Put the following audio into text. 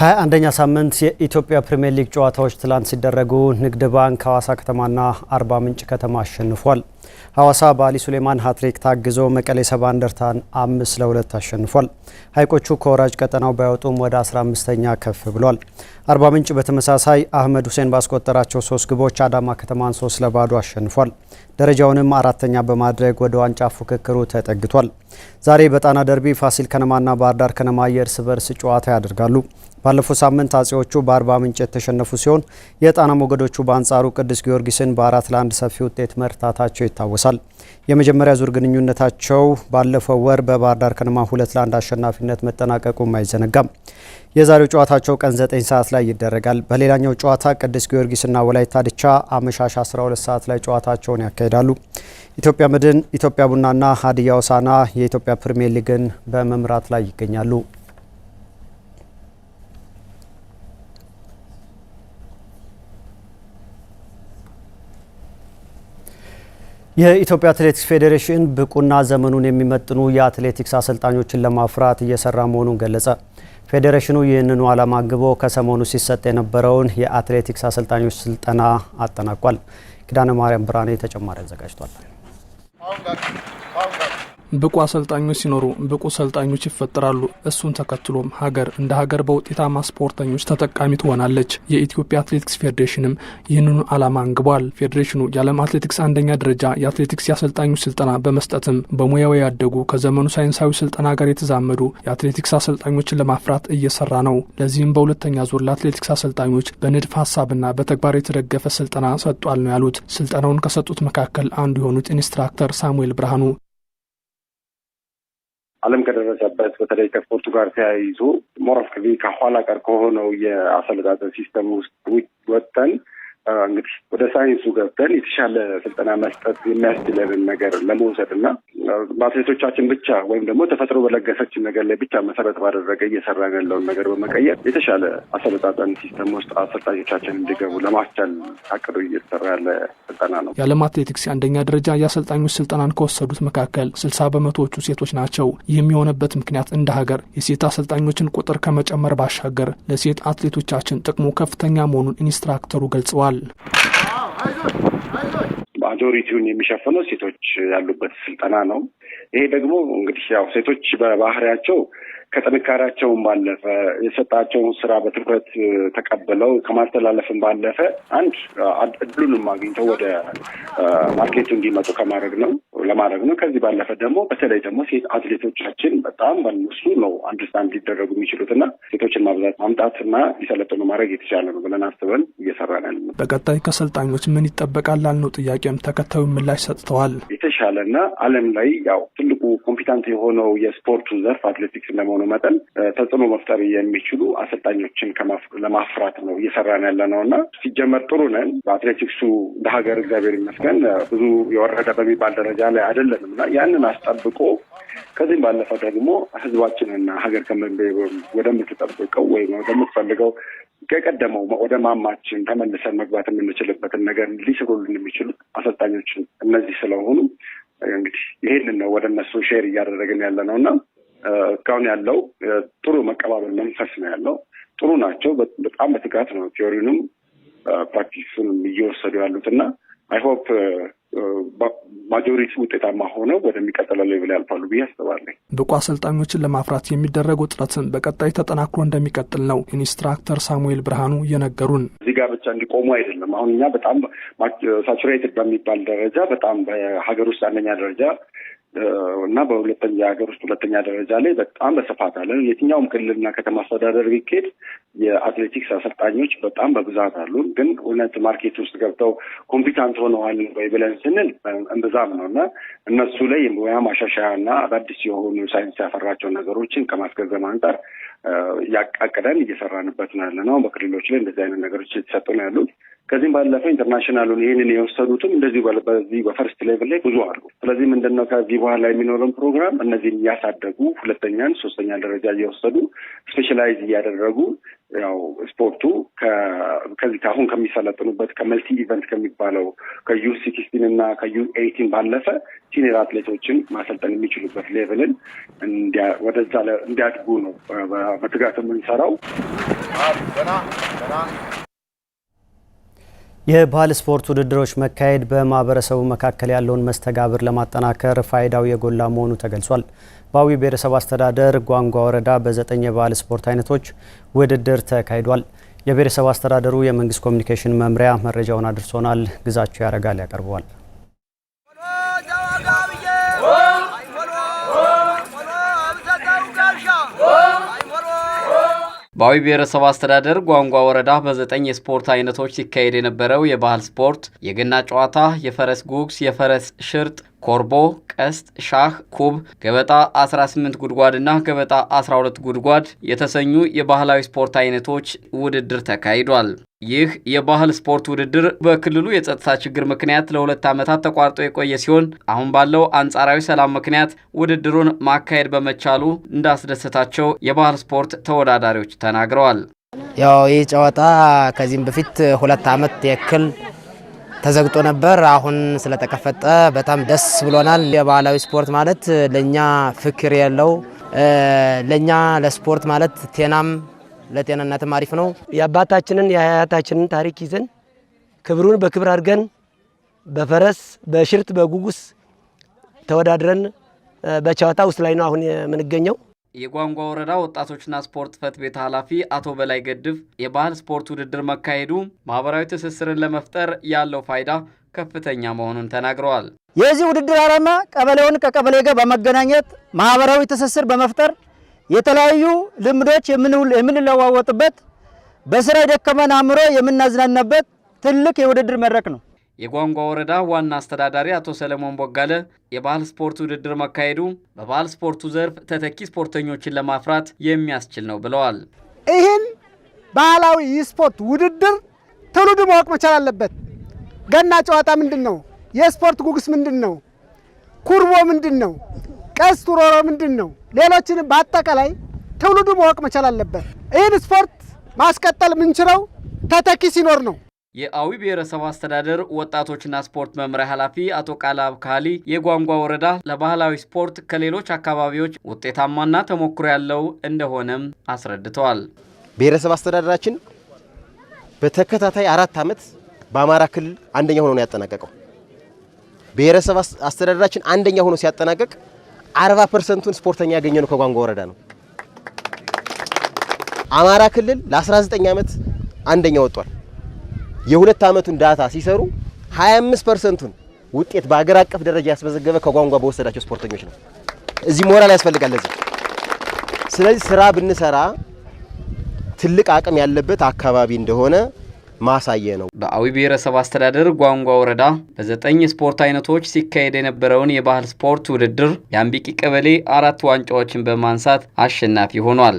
ሀያ አንደኛ ሳምንት የኢትዮጵያ ፕሪምየር ሊግ ጨዋታዎች ትላንት ሲደረጉ ንግድ ባንክ ሀዋሳ ከተማና አርባ ምንጭ ከተማ አሸንፏል። ሀዋሳ በአሊ ሱሌማን ሀትሪክ ታግዞ መቀሌ ሰባ እንደርታን አምስት ለሁለት አሸንፏል። ሀይቆቹ ከወራጅ ቀጠናው ባይወጡም ወደ 15ኛ ከፍ ብሏል። አርባ ምንጭ በተመሳሳይ አህመድ ሁሴን ባስቆጠራቸው ሶስት ግቦች አዳማ ከተማን ሶስት ለባዶ አሸንፏል። ደረጃውንም አራተኛ በማድረግ ወደ ዋንጫ ፉክክሩ ተጠግቷል። ዛሬ በጣና ደርቢ ፋሲል ከነማና ባህርዳር ከነማ የእርስ በርስ ጨዋታ ያደርጋሉ። ባለፈው ሳምንት አጼዎቹ በአርባ ምንጭ የተሸነፉ ሲሆን የጣና ሞገዶቹ በአንጻሩ ቅዱስ ጊዮርጊስን በአራት ለአንድ ሰፊ ውጤት መርታታቸው ይታወሳል። የመጀመሪያ ዙር ግንኙነታቸው ባለፈው ወር በባህር ዳር ከነማ ሁለት ለአንድ አሸናፊነት መጠናቀቁም አይዘነጋም። የዛሬው ጨዋታቸው ቀን 9 ሰዓት ላይ ይደረጋል። በሌላኛው ጨዋታ ቅዱስ ጊዮርጊስና ወላይታ ድቻ አመሻሽ 12 ሰዓት ላይ ጨዋታቸውን ያካሂዳሉ። ኢትዮጵያ መድን፣ ኢትዮጵያ ቡናና ሀዲያ ሆሳዕና የኢትዮጵያ ፕሪሚየር ሊግን በመምራት ላይ ይገኛሉ። የኢትዮጵያ አትሌቲክስ ፌዴሬሽን ብቁና ዘመኑን የሚመጥኑ የአትሌቲክስ አሰልጣኞችን ለማፍራት እየሰራ መሆኑን ገለጸ። ፌዴሬሽኑ ይህንኑ ዓላማ ግቦ ከሰሞኑ ሲሰጥ የነበረውን የአትሌቲክስ አሰልጣኞች ስልጠና አጠናቋል። ኪዳነ ማርያም ብርሃኔ ተጨማሪ አዘጋጅቷል። ብቁ አሰልጣኞች ሲኖሩ ብቁ ሰልጣኞች ይፈጠራሉ። እሱን ተከትሎም ሀገር እንደ ሀገር በውጤታማ ስፖርተኞች ተጠቃሚ ትሆናለች። የኢትዮጵያ አትሌቲክስ ፌዴሬሽንም ይህንኑ ዓላማ አንግቧል። ፌዴሬሽኑ የዓለም አትሌቲክስ አንደኛ ደረጃ የአትሌቲክስ የአሰልጣኞች ስልጠና በመስጠትም በሙያው ያደጉ ከዘመኑ ሳይንሳዊ ስልጠና ጋር የተዛመዱ የአትሌቲክስ አሰልጣኞችን ለማፍራት እየሰራ ነው። ለዚህም በሁለተኛ ዙር ለአትሌቲክስ አሰልጣኞች በንድፍ ሀሳብና በተግባር የተደገፈ ስልጠና ሰጧል ነው ያሉት። ስልጠናውን ከሰጡት መካከል አንዱ የሆኑት ኢንስትራክተር ሳሙኤል ብርሃኑ ዓለም ከደረሰበት በተለይ ከስፖርቱ ጋር ተያይዞ ሞር ከኋላ ቀር ከሆነው የአሰለጣጠን ሲስተም ውስጥ ወጥተን እንግዲህ ወደ ሳይንሱ ገብተን የተሻለ ስልጠና መስጠት የሚያስችለንን ነገር ለመውሰድ እና በአትሌቶቻችን ብቻ ወይም ደግሞ ተፈጥሮ በለገሰችን ነገር ላይ ብቻ መሰረት ባደረገ እየሰራን ያለውን ነገር በመቀየር የተሻለ አሰለጣጠን ሲስተም ውስጥ አሰልጣኞቻችን እንዲገቡ ለማስቻል አቅዶ እየተሰራ ያለ ስልጠና ነው። የዓለም አትሌቲክስ የአንደኛ ደረጃ የአሰልጣኞች ስልጠናን ከወሰዱት መካከል ስልሳ በመቶዎቹ ሴቶች ናቸው። ይህም የሆነበት ምክንያት እንደ ሀገር የሴት አሰልጣኞችን ቁጥር ከመጨመር ባሻገር ለሴት አትሌቶቻችን ጥቅሙ ከፍተኛ መሆኑን ኢንስትራክተሩ ገልጸዋል። ማጆሪቲውን የሚሸፍነው ሴቶች ያሉበት ስልጠና ነው። ይሄ ደግሞ እንግዲህ ያው ሴቶች በባህሪያቸው ከጥንካሬያቸውን ባለፈ የሰጣቸውን ስራ በትኩረት ተቀብለው ከማስተላለፍን ባለፈ አንድ እድሉንም አግኝተው ወደ ማርኬቱ እንዲመጡ ከማድረግ ነው ለማድረግ ነው። ከዚህ ባለፈ ደግሞ በተለይ ደግሞ ሴት አትሌቶቻችን በጣም በነሱ ነው አንድስታንድ ሊደረጉ የሚችሉት እና ሴቶችን ማብዛት ማምጣት እና ሊሰለጥኑ ማድረግ የተቻለ ነው ብለን አስበን እየሰራ ያለ ነው። በቀጣይ ከሰልጣኞች ምን ይጠበቃል ላልነው ጥያቄም ተከታዩ ምላሽ ሰጥተዋል። የተሻለ እና ዓለም ላይ ያው ትልቁ ኮምፒታንት የሆነው የስፖርቱ ዘርፍ አትሌቲክስ ለመሆኑ መጠን ተጽዕኖ መፍጠር የሚችሉ አሰልጣኞችን ለማፍራት ነው እየሰራን ያለ ነው እና ሲጀመር ጥሩ ነን በአትሌቲክሱ እንደ ሀገር እግዚአብሔር ይመስገን ግን ብዙ የወረደ በሚባል ደረጃ ላይ አይደለንም እና ያንን አስጠብቆ ከዚህም ባለፈ ደግሞ ህዝባችንና ሀገር ወደምትጠብቀው ወይም ወደምትፈልገው ከቀደመው ወደ ማማችን ተመልሰን መግባት የምንችልበትን ነገር ሊስሩልን የሚችሉት አሰልጣኞችን እነዚህ ስለሆኑ እንግዲህ ይህንን ነው ወደ እነሱ ሼር እያደረግን ያለ ነው እና እስካሁን ያለው ጥሩ መቀባበል መንፈስ ነው ያለው። ጥሩ ናቸው። በጣም በትጋት ነው ቴዎሪንም ፕራክቲሱንም እየወሰዱ ያሉት እና አይሆፕ ማጆሪቲ ውጤታማ ሆነው ወደሚቀጥለው ሌቭል ያልፋሉ ብዬ አስባለሁ። ብቁ አሰልጣኞችን ለማፍራት የሚደረገው ጥረትን በቀጣይ ተጠናክሮ እንደሚቀጥል ነው ኢንስትራክተር ሳሙኤል ብርሃኑ የነገሩን። እዚህ ጋር ብቻ እንዲቆሙ አይደለም። አሁን እኛ በጣም ሳቹሬትድ በሚባል ደረጃ በጣም በሀገር ውስጥ አንደኛ ደረጃ እና በሁለተኛ ሀገር ውስጥ ሁለተኛ ደረጃ ላይ በጣም በስፋት አለ። የትኛውም ክልልና ከተማ አስተዳደር ቢኬድ የአትሌቲክስ አሰልጣኞች በጣም በብዛት አሉ። ግን እውነት ማርኬት ውስጥ ገብተው ኮምፒታንት ሆነዋል ወይ ብለን ስንል እምብዛም ነው እና እነሱ ላይ የሙያ ማሻሻያ እና አዳዲስ የሆኑ ሳይንስ ያፈራቸው ነገሮችን ከማስገንዘብ አንጻር ያቃቅደን እየሰራንበት ነው ያለ ነው። በክልሎች ላይ እንደዚህ አይነት ነገሮች የተሰጡ ነው ያሉት። ከዚህም ባለፈ ኢንተርናሽናሉን ይህንን የወሰዱትም እንደዚሁ በዚህ በፈርስት ሌቭል ላይ ብዙ አሉ። ስለዚህ ምንድነው ከዚህ በኋላ የሚኖረን ፕሮግራም እነዚህን እያሳደጉ ሁለተኛን፣ ሶስተኛ ደረጃ እየወሰዱ ስፔሻላይዝ እያደረጉ ያው ስፖርቱ ከዚህ ከአሁን ከሚሰለጥኑበት ከመልቲ ኢቨንት ከሚባለው ከዩ ሲክስቲን እና ከዩ ኤይቲን ባለፈ ሲኒየር አትሌቶችን ማሰልጠን የሚችሉበት ሌቭልን ወደዛ እንዲያድጉ ነው በትጋት የምንሰራው። የባህል ስፖርት ውድድሮች መካሄድ በማህበረሰቡ መካከል ያለውን መስተጋብር ለማጠናከር ፋይዳው የጎላ መሆኑ ተገልጿል። በአዊ ብሔረሰብ አስተዳደር ጓንጓ ወረዳ በዘጠኝ የባህል ስፖርት አይነቶች ውድድር ተካሂዷል። የብሔረሰብ አስተዳደሩ የመንግስት ኮሚኒኬሽን መምሪያ መረጃውን አድርሶናል። ግዛቸው ያረጋል ያቀርበዋል። በአዊ ብሔረሰብ አስተዳደር ጓንጓ ወረዳ በዘጠኝ የስፖርት አይነቶች ሲካሄድ የነበረው የባህል ስፖርት የገና ጨዋታ፣ የፈረስ ጉግስ፣ የፈረስ ሽርጥ፣ ኮርቦ፣ ቀስት፣ ሻህ፣ ኩብ፣ ገበጣ 18 ጉድጓድ እና ገበጣ 12 ጉድጓድ የተሰኙ የባህላዊ ስፖርት አይነቶች ውድድር ተካሂዷል። ይህ የባህል ስፖርት ውድድር በክልሉ የጸጥታ ችግር ምክንያት ለሁለት ዓመታት ተቋርጦ የቆየ ሲሆን አሁን ባለው አንጻራዊ ሰላም ምክንያት ውድድሩን ማካሄድ በመቻሉ እንዳስደሰታቸው የባህል ስፖርት ተወዳዳሪዎች ተናግረዋል። ያው ይህ ጨዋታ ከዚህም በፊት ሁለት ዓመት የክል ተዘግጦ ነበር። አሁን ስለተከፈጠ በጣም ደስ ብሎናል። የባህላዊ ስፖርት ማለት ለእኛ ፍክር የለው ለእኛ ለስፖርት ማለት ጤናም ለጤንነትም አሪፍ ነው። የአባታችንን የአያታችንን ታሪክ ይዘን ክብሩን በክብር አድርገን በፈረስ በሽርት በጉጉስ ተወዳድረን በጨዋታ ውስጥ ላይ ነው አሁን የምንገኘው። የጓንጓ ወረዳ ወጣቶችና ስፖርት ጽሕፈት ቤት ኃላፊ አቶ በላይ ገድፍ የባህል ስፖርት ውድድር መካሄዱ ማህበራዊ ትስስርን ለመፍጠር ያለው ፋይዳ ከፍተኛ መሆኑን ተናግረዋል። የዚህ ውድድር ዓላማ ቀበሌውን ከቀበሌ ጋር በመገናኘት ማህበራዊ ትስስር በመፍጠር የተለያዩ ልምዶች የምንለዋወጥበት በስራ የደከመን አእምሮ የምናዝናናበት ትልቅ የውድድር መድረክ ነው። የጓንጓ ወረዳ ዋና አስተዳዳሪ አቶ ሰለሞን ቦጋለ የባህል ስፖርት ውድድር መካሄዱ በባህል ስፖርቱ ዘርፍ ተተኪ ስፖርተኞችን ለማፍራት የሚያስችል ነው ብለዋል። ይህን ባህላዊ የስፖርት ውድድር ትውልዱ ማወቅ መቻል አለበት። ገና ጨዋታ ምንድን ነው? የስፖርት ጉግስ ምንድን ነው? ኩርቦ ምንድን ነው? ቀስት ውሮሮ ምንድን ነው? ሌሎችንም በአጠቃላይ ትውልዱ ማወቅ መቻል አለበት። ይህን ስፖርት ማስቀጠል የምንችለው ተተኪ ሲኖር ነው። የአዊ ብሔረሰብ አስተዳደር ወጣቶችና ስፖርት መምሪያ ኃላፊ አቶ ቃላብ አብካሊ የጓንጓ ወረዳ ለባህላዊ ስፖርት ከሌሎች አካባቢዎች ውጤታማና ተሞክሮ ያለው እንደሆነም አስረድተዋል። ብሔረሰብ አስተዳደራችን በተከታታይ አራት ዓመት በአማራ ክልል አንደኛ ሆኖ ነው ያጠናቀቀው። ብሔረሰብ አስተዳደራችን አንደኛ ሆኖ ሲያጠናቀቅ አርባ ፐርሰንቱን ስፖርተኛ ያገኘ ነው ከጓንጓ ወረዳ ነው። አማራ ክልል ለ19 ዓመት አንደኛ ወጥቷል። የሁለት ዓመቱን ዳታ ሲሰሩ 25 ፐርሰንቱን ውጤት በሀገር አቀፍ ደረጃ ያስመዘገበ ከጓንጓ በወሰዳቸው ስፖርተኞች ነው። እዚህ ሞራል ያስፈልጋል ለዚህ። ስለዚህ ስራ ብንሰራ ትልቅ አቅም ያለበት አካባቢ እንደሆነ ማሳየ ነው። በአዊ ብሔረሰብ አስተዳደር ጓንጓ ወረዳ በዘጠኝ ስፖርት አይነቶች ሲካሄድ የነበረውን የባህል ስፖርት ውድድር የአምቢቂ ቀበሌ አራት ዋንጫዎችን በማንሳት አሸናፊ ሆኗል።